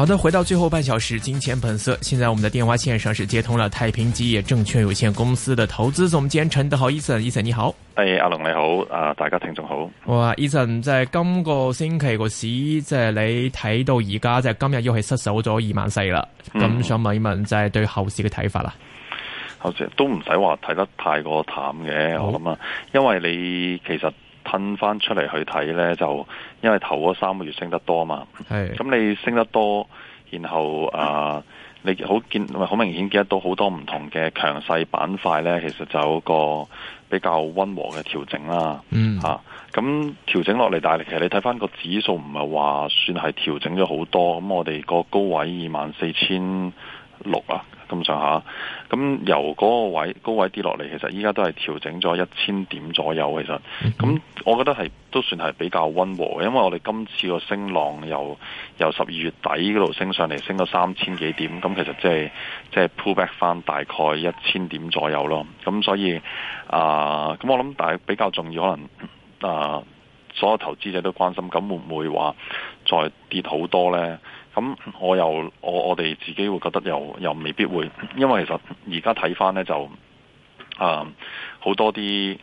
好的，回到最後半小時金錢本色。現在我們的電話線上是接通了太平基業證券有限公司的投資總監陳德豪。Ethan，Ethan 你好。誒、hey，阿龍你好，啊大家聽眾好。哇，Ethan，即係今個星期個市，即係你睇到而家，即係今日又係失守咗二萬四啦。咁、嗯、想問一問，就係對後市嘅睇法啦。後市都唔使話睇得太過淡嘅，哦、我諗啊，因為你其實。褪翻出嚟去睇咧，就因為頭嗰三個月升得多嘛，咁是你升得多，然後啊、呃，你好見好明顯見得到好多唔同嘅強勢板塊咧，其實就有個比較温和嘅調整啦，嚇、嗯，咁、啊、調整落嚟，但係其實你睇翻個指數唔係話算係調整咗好多，咁我哋個高位二萬四千六啊。咁上下，咁由嗰個位高位跌落嚟，其實依家都係調整咗一千點左右。其實，咁我覺得係都算係比較温和嘅，因為我哋今次個升浪由由十二月底嗰度升上嚟，升到三千幾點，咁其實即係即係 pull back 翻大概一千點左右咯。咁所以啊，咁，呃，我諗大比較重要可能啊。呃所有投資者都關心，咁會唔會話再跌好多呢？咁我又我我哋自己會覺得又又未必會，因為其實而家睇翻呢就啊好多啲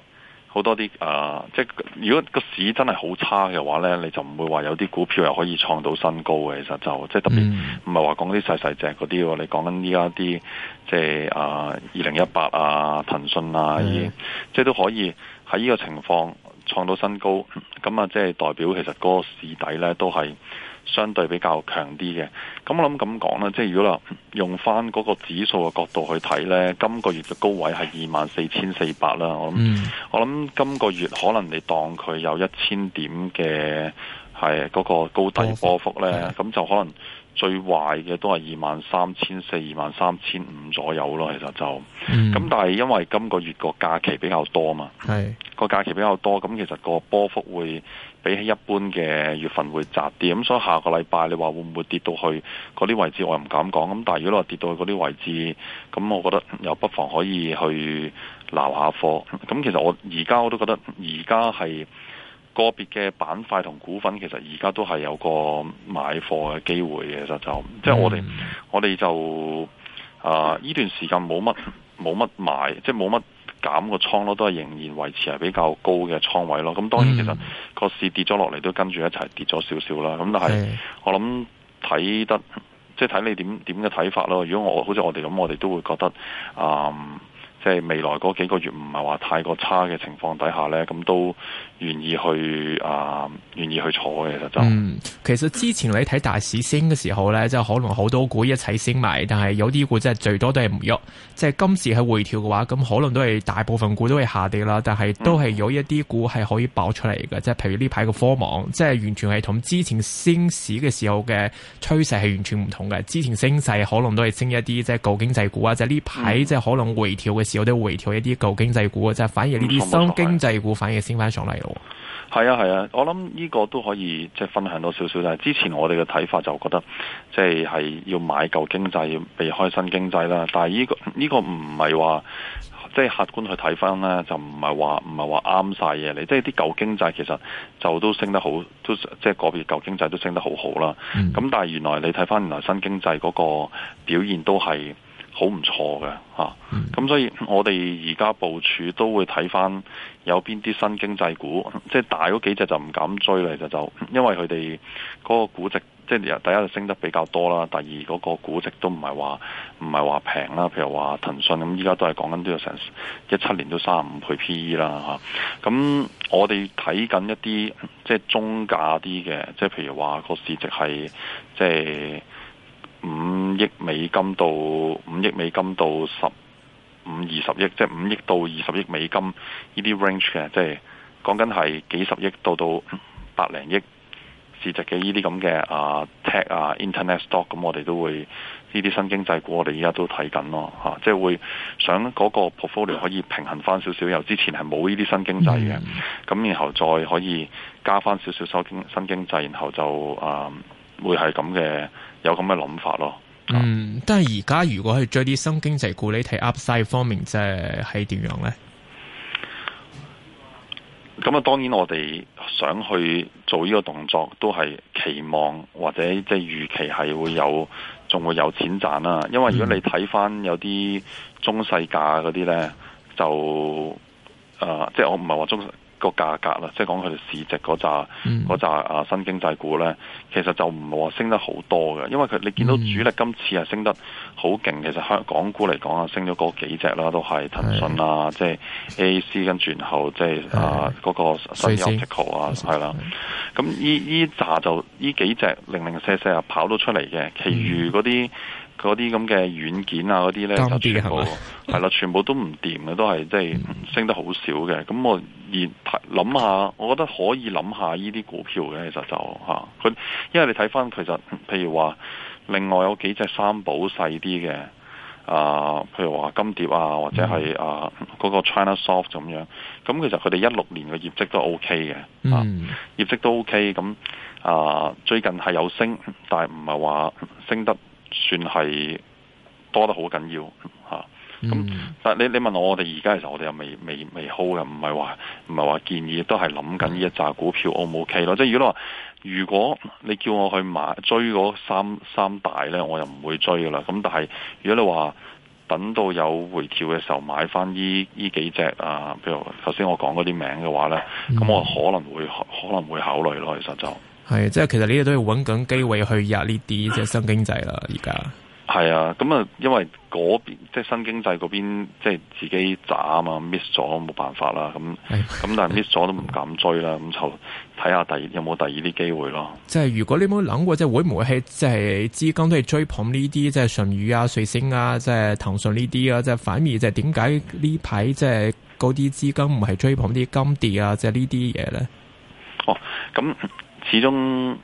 好多啲啊，即係如果個市真係好差嘅話呢，你就唔會話有啲股票又可以創到新高嘅。其實就即係特別唔係話講啲細細隻嗰啲喎，你講緊而家啲即係啊二零一八啊騰訊啊，嗯、即係都可以喺呢個情況，創到新高，咁啊，即係代表其實嗰個市底咧都係相對比較強啲嘅。咁我諗咁講啦，即係如果話用翻嗰個指數嘅角度去睇咧，今個月嘅高位係二萬四千四百啦。嗯、我諗我諗今個月可能你當佢有一千點嘅係嗰個高低波幅咧，咁就可能。最壞嘅都係二萬三千四、二萬三千五左右咯，其實就咁。嗯、但係因為今個月個假期比較多嘛，係個是假期比較多，咁其實個波幅會比起一般嘅月份會窄啲。咁所以下個禮拜你話會唔會跌到去嗰啲位，位置，我又唔敢講。咁但係如果你話跌到去嗰啲位置，咁我覺得又不妨可以去撈下貨。咁其實我而家我都覺得而家係。個別嘅板塊同股份其實而家都係有個買貨嘅機會嘅，就是嗯、就即係我哋我哋就啊呢段時間冇乜冇乜買，即係冇乜減個倉咯，都係仍然維持係比較高嘅倉位咯。咁當然其實個、嗯、市跌咗落嚟都跟住一齊跌咗少少啦。咁但係我諗睇得即係睇你點點嘅睇是、就是、法咯。如果我好似我哋咁，我哋都會覺得啊，即、呃、係、就是、未來嗰幾個月唔係話太過差嘅情況底下呢，咁都。都願意去啊、呃，願意去坐嘅就是嗯、其實之前你睇大市升嘅時候咧，即係可能好多股一齊升埋，但係有啲股即係最多都係唔喐。即係今時係回調嘅話，咁可能都係大部分股都係下跌啦，但係都係有一啲股係可以爆出嚟嘅。即係譬如呢排嘅科網，即係完全係同之前升市嘅時候嘅趨勢係完全唔同嘅。之前升勢可能都係升一啲即係舊經濟股啊，即係呢排即係可能回調嘅時候、嗯、都回調一啲舊經濟股，即係反而呢啲新經濟股反而升翻上嚟。係啊，係啊，我諗呢個都可以即係分享多少少。就之前我哋嘅睇法就覺得，即係係要買舊經濟，要避開新經濟啦。但係呢個呢個唔係話，即係客觀去睇翻咧，就唔係話唔係話啱晒嘢你即係啲舊經濟其實就都升得好，都即係個別舊經濟都升得好好啦。咁、mm. 但係原來你睇翻原來新經濟嗰個表現都係。好唔錯嘅嚇，咁、嗯、所以我哋而家部署都會睇翻有邊啲新經濟股，即、就、係、是、大嗰幾隻就唔敢追嚟。就就因為佢哋嗰個估值，即、就、係、是、第一升得比較多啦，第二嗰、那個估值都唔係話唔係話平啦，譬如話騰訊咁，依家都係講緊都要成一七年都三十五倍 PE 啦、啊、嚇，咁我哋睇緊一啲即係中價啲嘅，即、就、係、是、譬如話個市值係即係五。就是嗯億美金到五億,、就是、億,億美金到十五二十億，range, 即係五億到二十億美金呢啲 range 嘅，即係講緊係幾十億到到百零億市值嘅呢啲咁嘅啊 tech 啊、uh, internet stock，咁、嗯、我哋都會呢啲新經濟股我在在，我哋而家都睇緊咯，吓，即係會想嗰個 portfolio 可以平衡翻少少，由之前係冇呢啲新經濟嘅，咁的然後再可以加翻少少新新經濟，然後就啊、uh, 會係咁嘅，有咁嘅諗法咯。嗯，但係而家如果去追啲新經濟股，你睇 Upside 方面即係點樣咧？咁啊，當然我哋想去做呢個動作，都係期望或者即係預期係會有，仲會有錢賺啦。因為如果你睇翻有啲中細價嗰啲咧，就誒、呃，即係我唔係話中細。個價格啦，即係講佢哋市值嗰扎，嗰扎啊新經濟股咧，其實就唔係話升得好多嘅，因為佢你見到主力今次係升得好勁，其實香港股嚟講啊，升咗嗰幾隻啦，都係騰訊啊，即係 A C 跟住然後，即係啊嗰個新藥集團啊，係啦的，咁依依扎就依幾隻零零四四啊跑到出嚟嘅，其餘嗰啲。嗰啲咁嘅軟件啊，嗰啲咧就全部啦，是吧 全部都唔掂嘅，都係即係升得好少嘅。咁我而諗下，我覺得可以諗下呢啲股票嘅，其實就嚇佢、啊，因為你睇翻其實，譬如話另外有幾隻三寶細啲嘅啊，譬如話金蝶啊，或者係、嗯、啊嗰、嗰個 ChinaSoft 咁樣。咁其實佢哋一六年嘅業績、OK 啊嗯、業績都 OK 嘅，啊業績都 OK 咁啊，最近係有升，但係唔係話升得。算係多得好緊要嚇，咁、嗯、但係你你問我，我哋而家嘅時候我，我哋又未未未 hold，又唔係話唔係話建議，都係諗緊呢一紮股票 O 唔 O K 咯。即、就、係、是、如果你話如果你叫我去買追嗰三三大咧，我又唔會追噶啦。咁但係如果你話等到有回調嘅時候買翻呢依幾隻啊，譬如頭先我講嗰啲名嘅話咧，咁、嗯、我可能會可能會考慮咯。其實就。係，即係其實你哋都要搵緊機會去入呢啲即係新經濟啦。而家係啊，咁啊，因為嗰邊即係新經濟嗰邊，即係自己砸啊嘛，miss 咗冇辦法啦。咁咁但係 miss 咗都唔敢追啦，咁就睇下第二有冇第二啲機會咯。即係如果你冇諗過，即係會唔會係即係資金都係追捧呢啲，即係舜宇啊、瑞聲啊、即係騰訊呢啲啊？即係反而即係點解呢排，即係嗰啲資金唔係追捧啲金蝶啊？即係呢啲嘢咧？哦，咁。始終，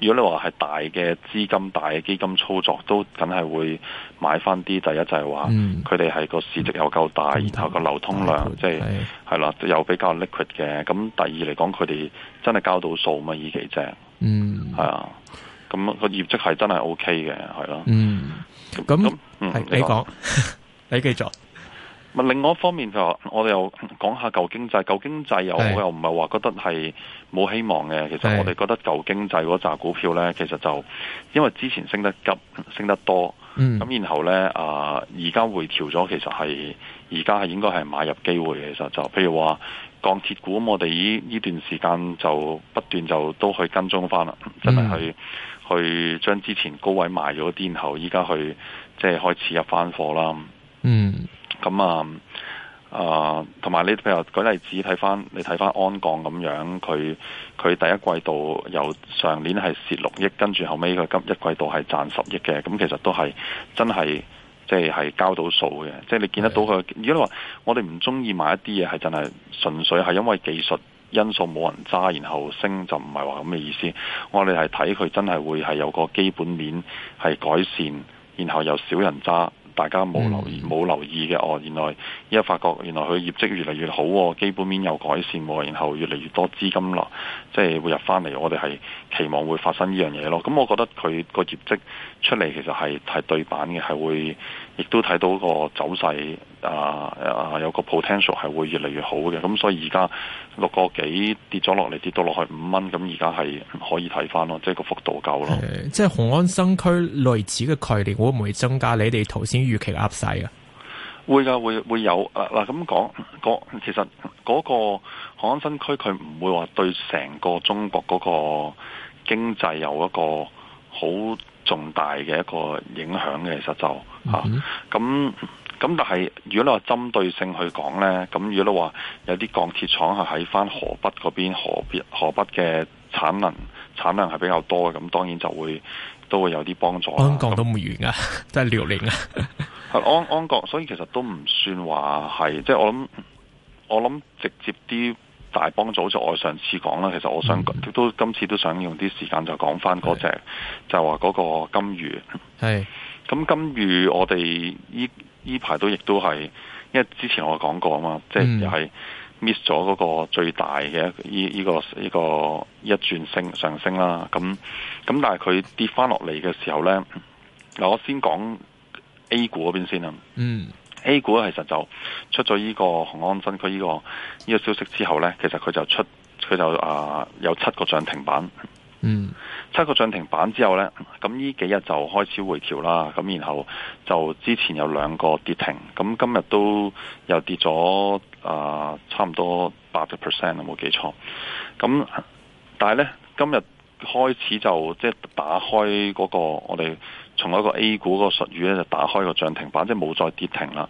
如果你話係大嘅資金、大嘅基金操作，都梗係會買翻啲。第一就係話，佢哋係個市值又夠大，嗯、然後個流通量即係係啦，又、嗯就是、比較 liquid 嘅。咁第二嚟講，佢哋真係交到數嘛，而且正。嗯，係啊，咁個業績係真係 OK 嘅，係咯。嗯，咁那，嗯，你講，你繼續。另外一方面，就我哋又講下舊經濟，舊經濟又是我又唔係話覺得係冇希望嘅。其實我哋覺得舊經濟嗰扎股票呢，其實就因為之前升得急、升得多，咁、嗯、然後呢，啊、呃，而家回調咗，其實係而家係應該係買入機會。其實就譬如話鋼鐵股，我哋呢段時間就不斷就都去跟蹤翻啦，真係、嗯、去去將之前高位賣咗啲，然後依家去即係開始入翻貨啦。嗯。咁啊，啊，同埋你譬如舉例子睇翻，你睇翻安鋼咁樣，佢佢第一季度由上年係蝕六億，跟住後尾佢今一季度係賺十億嘅，咁、嗯、其實都係真係即係交到數嘅，即係你見得到佢，的如果你話我哋唔中意買一啲嘢，係真係純粹係因為技術因素冇人揸，然後升就唔係話咁嘅意思。我哋係睇佢真係會係有個基本面係改善，然後有少人揸。大家冇留意冇、嗯、留意嘅哦，原來一發覺原來佢業績越嚟越好、哦、基本面有改善、哦、然後越嚟越多資金落，即係會入翻嚟。我哋係期望會發生呢樣嘢咯。咁、嗯、我覺得佢個業績出嚟其實係係對版嘅，係會亦都睇到個走勢啊啊，有個 potential 係會越嚟越好嘅。咁、嗯、所以而家六個幾跌咗落嚟，跌到落去五蚊，咁而家係可以睇翻咯，即係個幅度夠咯、嗯。即係紅安新區類似嘅概念會唔會增加你？你哋頭先。預期呃晒嘅，會噶會有嗱咁講，嗰、啊啊、其實嗰個雄安新區佢唔會話對成個中國嗰個經濟有一個好重大嘅一個影響嘅，其實就吓、是。咁、啊、咁、嗯哼啊、但係如果你話針對性去講呢，咁如果你話有啲鋼鐵廠係喺翻河北嗰邊，河北河北嘅產能產量係比較多嘅，咁當然就會。都會有啲幫助。安國都唔遠啊，都係遼寧啊，係安安國，所以其實都唔算話係，即係我諗，我諗直接啲大幫組就我上次講啦。其實我想、嗯、都今次都想用啲時間就講翻嗰隻，是就話嗰個金魚。係是，咁金魚我哋依依排都亦都係，因為之前我講過啊嘛，即係又係。嗯 miss 咗嗰個最大嘅呢依個依、這個這個這個一轉升上升啦，咁咁但係佢跌翻落嚟嘅時候呢，嗱我先講 A 股嗰邊先啦。嗯，A 股咧其實就出咗呢個雄安新區呢個依、這個消息之後呢，其實佢就出佢就啊、呃、有七個漲停板。嗯，七個漲停板之後呢，咁呢幾日就開始回調啦。咁然後就之前有兩個跌停，咁今日都又跌咗。啊，差唔多八隻 percent 啦，冇記錯。咁但係呢，今日開始就即係、就是、打開嗰、那個，我哋從一個 A 股個術語咧就是、打開個漲停板，即係冇再跌停啦。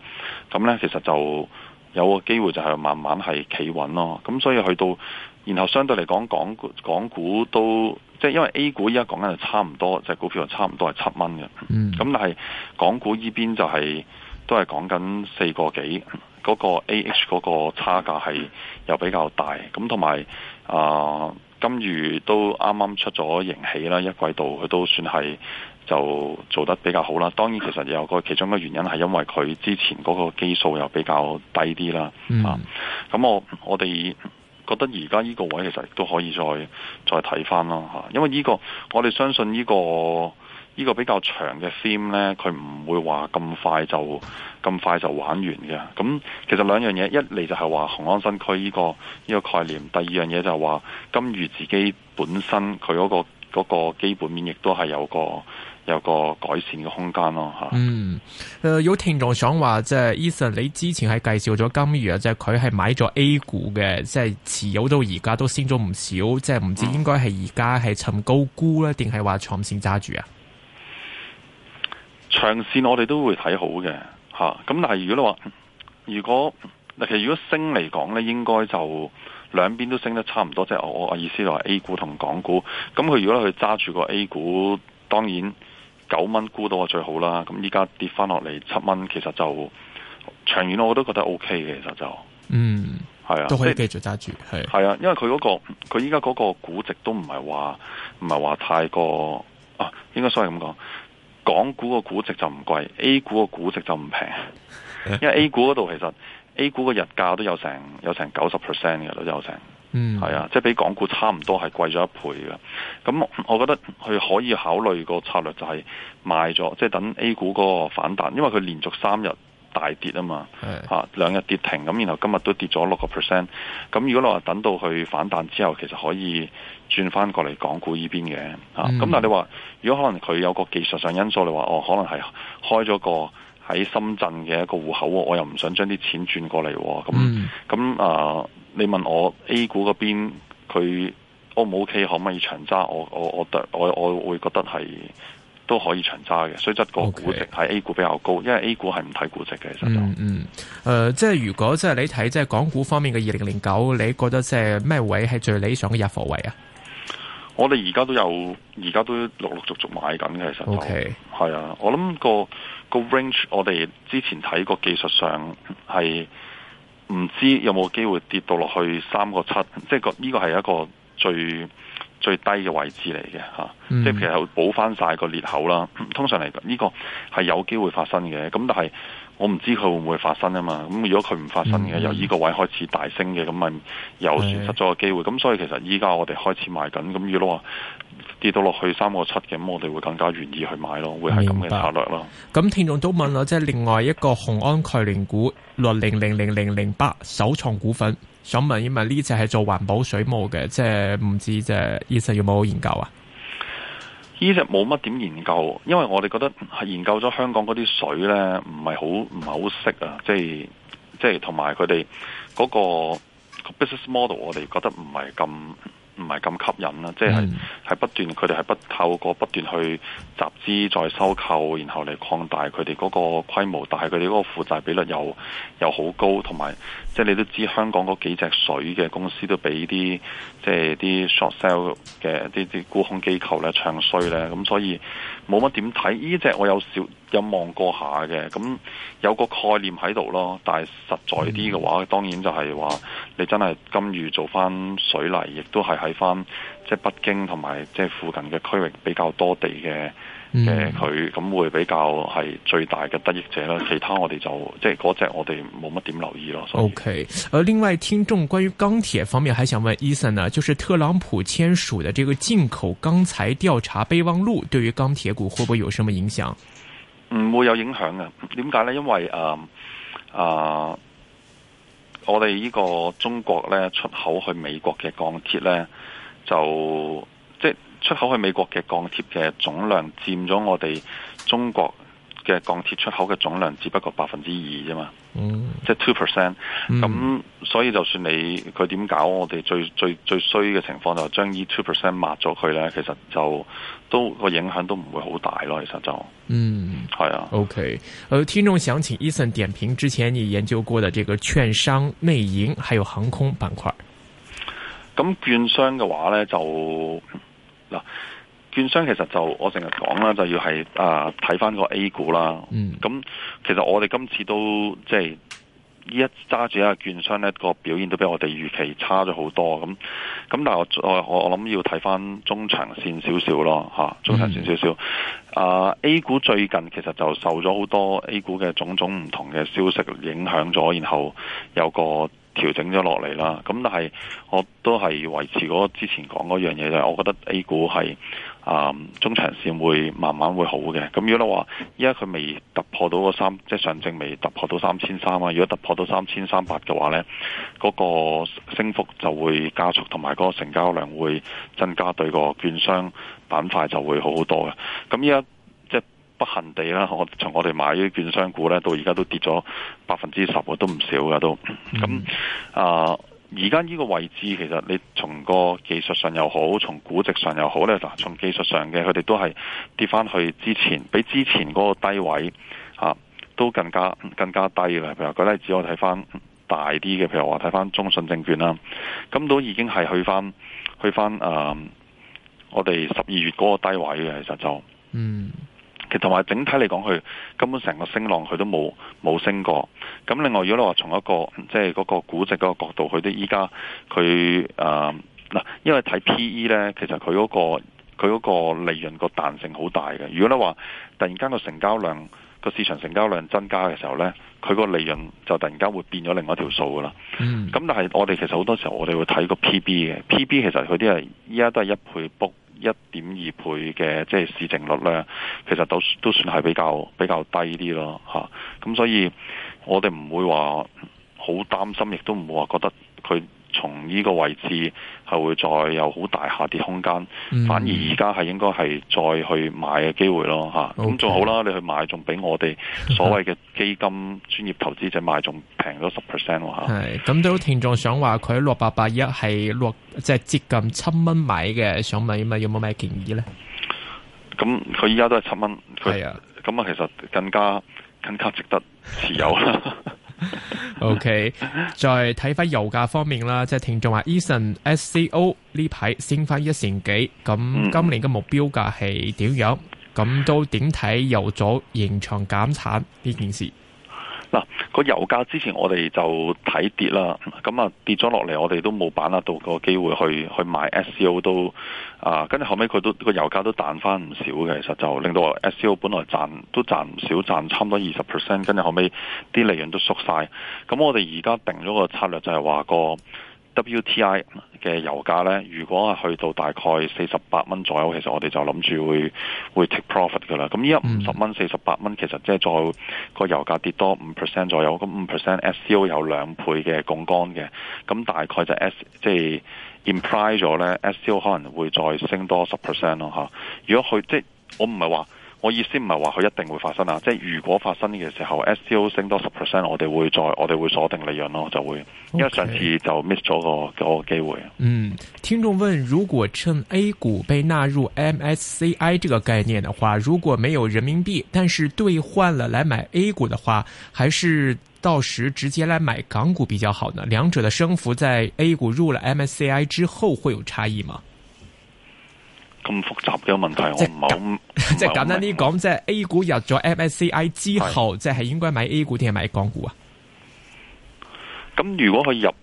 咁呢，其實就有個機會就係慢慢係企穩咯。咁所以去到，然後相對嚟講，港股港股都即係、就是、因為 A 股依家講緊就差唔多，即、就是、股票就差唔多係七蚊嘅。嗯。咁但係港股依邊就係、是、都係講緊四個幾。嗰個 AH 嗰個差價係又比較大，咁同埋啊金隅都啱啱出咗盈喜啦，一季度佢都算係就做得比較好啦。當然其實有個其中一個原因係因為佢之前嗰個基數又比較低啲啦。嗯、啊，咁我我哋覺得而家呢個位其實都可以再再睇翻咯嚇，因為呢、這個我哋相信呢、這個。呢個比較長嘅 theme 咧，佢唔會話咁快就咁快就玩完嘅。咁其實兩樣嘢，一嚟就係話雄安新區呢、這個呢、這個概念；第二樣嘢就係話金隅自己本身佢嗰、那個那個基本面，亦都係有個有個改善嘅空間咯。嚇，嗯，誒、呃、有聽眾想話，即、就、係、是、Eason 你之前係介紹咗金隅啊，即係佢係買咗 A 股嘅，即、就、係、是、持有到而家都升咗唔少，即係唔知應該係而家係趁高沽咧，定係話長線揸住啊？長線我哋都會睇好嘅吓，咁但係如果你話，如果其實如果升嚟講咧，應該就兩邊都升得差唔多，即係我我意思就係 A 股同港股。咁佢如果佢揸住個 A 股，當然九蚊沽到啊最好啦。咁依家跌翻落嚟七蚊，其實就長遠我都覺得 O K 嘅，其實就嗯係啊，都可以繼續揸住係係啊，因為佢嗰個佢依家嗰個估值都唔係話唔係話太過啊，應該所以咁講。港股個估值就唔貴，A 股個估值就唔平，因為 A 股嗰度其實 A 股個日價都有成有成九十 percent 嘅都有成，係、嗯、啊，即係比港股差唔多係貴咗一倍嘅。咁我覺得佢可以考慮個策略就係賣咗，即、就、係、是、等 A 股嗰個反彈，因為佢連續三日大跌啊嘛，吓兩是、啊、日跌停，咁然後今日都跌咗六個 percent。咁如果你話等到佢反彈之後，其實可以轉翻過嚟港股依邊嘅，吓、啊、咁、嗯嗯、但係你話。如果可能佢有個技術上因素，你話哦，可能係開咗個喺深圳嘅一個戶口，我又唔想將啲錢轉過嚟喎，咁咁啊，你問我 A 股嗰邊佢 O 唔 O K，可唔可以長揸？我我我得我我會覺得係都可以長揸嘅，雖則個估值喺 A 股比較高，因為 A 股係唔睇估值嘅、嗯。嗯嗯，誒、呃，即係如果即係你睇即係港股方面嘅二零零九，你覺得即係咩位係最理想嘅入貨位啊？我哋而家都有，而家都陸陸續續買緊嘅，其實，係啊 Okay.，我諗個個 range，我哋之前睇過技術上係唔知有冇機會跌到落去三個七，即、這、係個呢個係一個最。最低嘅位置嚟嘅嚇，即係其實補翻晒個裂口啦。通常嚟講，呢、這個係有機會發生嘅。咁但係我唔知佢會唔會發生啊嘛。咁如果佢唔發生嘅，嗯、由呢個位開始大升嘅，咁咪有損失咗個機會。咁的、啊、所以其實依家我哋開始買緊，咁如果話跌到落去三個七嘅，咁我哋會更加願意去買咯，會係咁嘅策略咯。咁白、嗯、聽眾都問啦，即、就、係、是、另外一個雄安概念股六零零零零零八首創股份。想問，因為呢隻係做環保水務嘅，即係唔知即係醫生有冇研究啊？呢隻冇乜點研究，因為我哋覺得係研究咗香港嗰啲水咧，唔係好唔係好識啊！即係即係同埋佢哋嗰個 business model，我哋覺得唔係咁。唔係咁吸引啦，即係係不斷，佢哋係不透過不斷去集資再收購，然後嚟擴大佢哋嗰個規模，但係佢哋嗰個負債比率又又好高，同埋即係你都知香港嗰幾隻水嘅公司都俾啲即係啲 short sell 嘅啲啲沽空機構咧唱衰咧，咁所以。冇乜點睇，呢隻我有少有望過下嘅，咁有個概念喺度咯。但係實在啲嘅話，當然就係話你真係金隅做返水泥，亦都係喺返即係北京同埋即係附近嘅區域比較多地嘅。誒，佢咁、嗯、會比較係最大嘅得益者啦，其他我哋就即係嗰隻我哋冇乜點留意咯。O、okay. OK，而另外聽眾關於鋼鐵方面，還想問 Ethan 呢，就是特朗普簽署的這個進口鋼材調查備忘錄，對於鋼鐵股會不會有什麼影響？唔會有影響嘅，點解呢？因為誒誒、呃呃，我哋呢個中國呢出口去美國嘅鋼鐵呢，就。出口去美國嘅鋼鐵嘅總量佔咗我哋中國嘅鋼鐵出口嘅總量只不過百分之二啫嘛，嗯、即係 two percent。咁、嗯、所以就算你佢點搞，我哋最最最衰嘅情況就將呢 two percent 抹咗佢咧，其實就都個影響都唔會好大咯。其實就嗯係啊。OK，誒、呃，聽眾想請 Ethan 點評之前你研究過嘅這個券商、內銀還有航空板塊。咁、嗯、券商嘅話咧就。嗯嗱，券商其實就我成日講啦，就要係啊睇翻個 A 股啦。咁、嗯嗯嗯、其實我哋今次都即係呢一揸住一個券商咧，個表現都比我哋預期差咗好多。咁、嗯、咁但係我我我諗要睇翻中長線少少咯，吓、啊、中長線少少。嗯、啊，A 股最近其實就受咗好多 A 股嘅種種唔同嘅消息影響咗，然後有個。調整咗落嚟啦，咁但係我都係維持嗰之前講嗰樣嘢，就係、是、我覺得 A 股係啊、呃、中長線會慢慢會好嘅。咁如果你話依家佢未突破到嗰三，即係上證未突破到三千三啊，如果突破到三千三百嘅話呢，嗰、那個升幅就會加速，同埋嗰個成交量會增加，對個券商板塊就會好好多嘅。咁依家。恒地啦，嗯、從我從我哋買啲券商股咧，到而家都跌咗百分之十，都唔少噶都。咁啊，而家呢個位置其實你從個技術上又好，從估值上又好咧，嗱，從技術上嘅，佢哋都係跌翻去之前，比之前嗰個低位吓、啊、都更加更加低噶啦。譬如舉個例子，只可以睇翻大啲嘅，譬如話睇翻中信證券啦，咁都已經係去翻去翻誒、啊，我哋十二月嗰個低位嘅，其實就嗯。同埋整體嚟講，佢根本成個升浪佢都冇冇升過。咁另外，如果你話從一個即係嗰個估值嗰個角度，佢都依家佢啊嗱，因為睇 P E 咧，其實佢嗰、嗰個佢嗰個利潤個彈性好大嘅。如果你話突然間個成交量、個市場成交量增加嘅時候咧，佢個利潤就突然間會變咗另外一條數噶啦。咁、mm. 但係我哋其實好多時候我哋會睇個 P B 嘅，P B 其實佢啲係依家都係一倍 book。一點二倍嘅即係市淨率咧，其實都都算係比較比較低啲咯吓，咁所以我哋唔會話好擔心，亦都唔會話覺得佢，從呢個位置係會再有好大下跌空間，嗯、反而而家係應該係再去買嘅機會咯嚇。咁仲好啦，你去買仲比我哋所謂嘅基金專業投資者買仲平咗十 percent 喎係咁，啊、 都有聽眾想話佢落八八一係落即係接近七蚊買嘅，想問一問有冇咩建議咧？咁佢依家都係七蚊，係啊，咁啊，其實更加更加值得持有啦。 O、okay, K，再睇翻油價方面啦，即係聽眾話，Eason S C O 呢排升翻一成幾，咁今年嘅目標價係點樣？咁都點睇油組延長減產呢件事？個油價之前我哋就睇跌啦，咁啊跌咗落嚟，我哋都冇把握到個機會去去買 SCO 都啊，跟住後尾，佢都個油價都彈返唔少嘅，其實就令到 SCO 本來賺都賺唔少，賺差唔多二十 percent，跟住後尾啲利潤都縮晒。咁我哋而家定咗個策略就係話個。WTI 嘅油價咧，如果係去到大概四十八蚊左右，其實我哋就諗住會會 take profit 嘅啦。咁依家五十蚊，四十八蚊，其實即係再個油價跌多五 percent 左右，咁五 percent S C O 有兩倍嘅槓桿嘅，咁大概就 S 即係 imply 咗咧，S C O 可能會再升多十 percent 咯吓。如果佢，即係我唔係話。我意思唔係話佢一定會發生啊，即係如果發生嘅時候，SCO 升多十 percent，我哋會再我哋會鎖定利潤咯，就會，因為上次就 miss 咗個個機會。Okay. 嗯，聽眾問：如果趁 A 股被納入 MSCI 這個概念的話，如果沒有人民幣，但是兌換了來買 A 股的話，還是到時直接來買港股比較好呢？兩者的升幅在 A 股入了 MSCI 之後會有差異嗎？咁複雜嘅問題，是我唔係好即係簡單啲講，即係 A 股入咗 MSCI 之後，即係是應該買 A 股定係買港股啊？咁如果佢入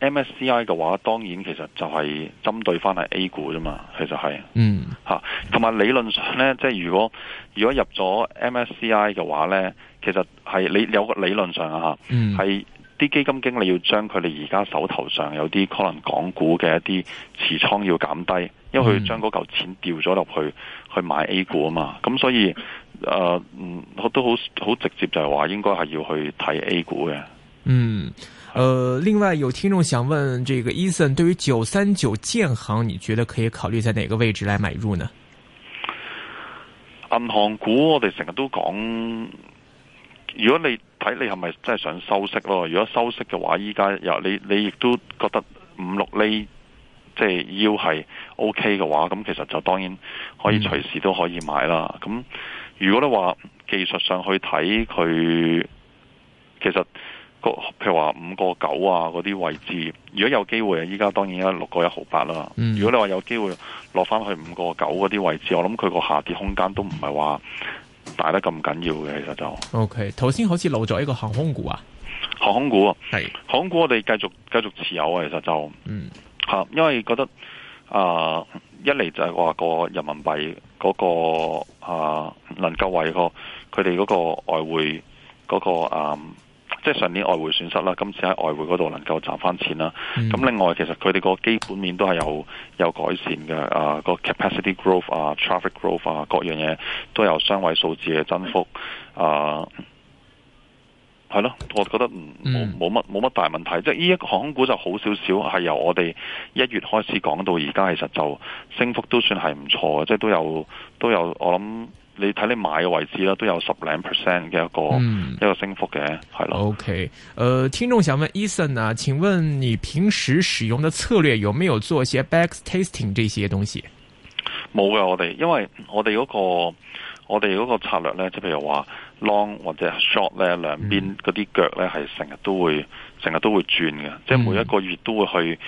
MSCI 嘅話，當然其實就係針對翻係 A 股啫嘛。其實係，嗯，吓同埋理論上咧，即係如果如果入咗 MSCI 嘅話咧，其實係你有個理論上啊，係啲、嗯、基金經理要將佢哋而家手頭上有啲可能港股嘅一啲持倉要減低。因為佢將嗰嚿錢掉咗落去、嗯、去買 A 股啊嘛，咁所以誒，我、呃、都好好直接就係話應該係要去睇 A 股嘅。嗯、誒、呃，另外有聽眾想問，這個、Ethan 對於九三九建行，你覺得可以考慮在哪個位置來買入呢？銀行股我哋成日都講，如果你睇你係咪真係想收息咯？如果收息嘅話，依家又你你亦都覺得五六厘，即係要係。O K 嘅話，咁其實就當然可以隨時都可以買啦。咁、嗯、如果你話技術上去睇佢，其實個譬如話五個九啊嗰啲位置，如果有機會啊，依家當然一六個一毫八啦。嗯、如果你話有機會落翻去五個九嗰啲位置，我諗佢個下跌空間都唔係話大得咁緊要嘅。其實就 O K。頭先、okay, 好似漏咗一個航空股啊，航空股係航空股，航空股我哋繼續繼續持有啊。其實就嗯吓，因為覺得。啊！Uh, 一嚟就係話個人民幣嗰個啊，能夠為個佢哋嗰個外匯嗰個啊，即係上年外匯損失啦，今次喺外匯嗰度能夠賺翻錢啦。咁、mm. 另外，其實佢哋個基本面都係有有改善嘅啊，個 capacity growth 啊，traffic growth 啊，各樣嘢都有雙位數字嘅增幅，mm. 啊。係咯，我覺得冇乜冇乜大問題，嗯、即係呢一個航空股就好少少，係由我哋一月開始講到而家，其實就升幅都算係唔錯嘅，即係都有都有，我諗你睇你買嘅位置啦，都有十零 percent 嘅一個、嗯、一個升幅嘅，係咯。OK，誒，聽眾想問 Eason 啊，請問你平時使用嘅策略有沒有做些 backtesting 這些東西？冇嘅，我哋因為我哋嗰、嗰個我哋個策略呢，即譬如話。long 或者 short 咧，兩邊嗰啲腳咧係成日都會成日都會轉嘅，即係每一個月都會去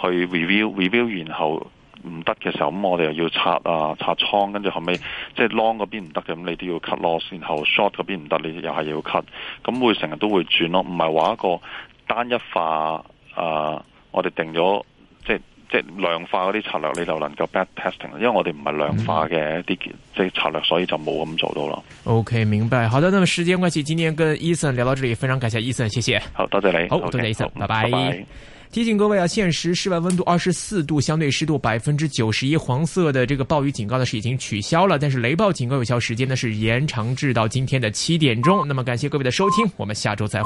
去 review review，然後唔得嘅時候，咁我哋又要拆啊拆倉，跟住後尾，即係 long 嗰邊唔得嘅，咁你都要 cut 咯。然後 short 嗰邊唔得，你又係要 cut，咁會成日都會轉咯，唔係話一個單一化啊，我哋定咗即係。即係量化嗰啲策略你就能夠 b a d t e s t i n g 因為我哋唔係量化嘅一啲即係策略，嗯、所以就冇咁做到咯。O、okay, K，明白。好的，那麼時間關係，今天跟 e 伊 n 聊到這裏，非常感謝 e 伊 n 謝謝。好，多謝你。好，okay, 多謝 e 伊 n 拜拜。提醒各位啊，現時室外溫度二十四度，相對濕度百分之九十一，黃色的這個暴雨警告呢，是已經取消了，但是雷暴警告有效時間呢是延長至到今天的七點鐘。那麼感謝各位的收聽，我們下周再。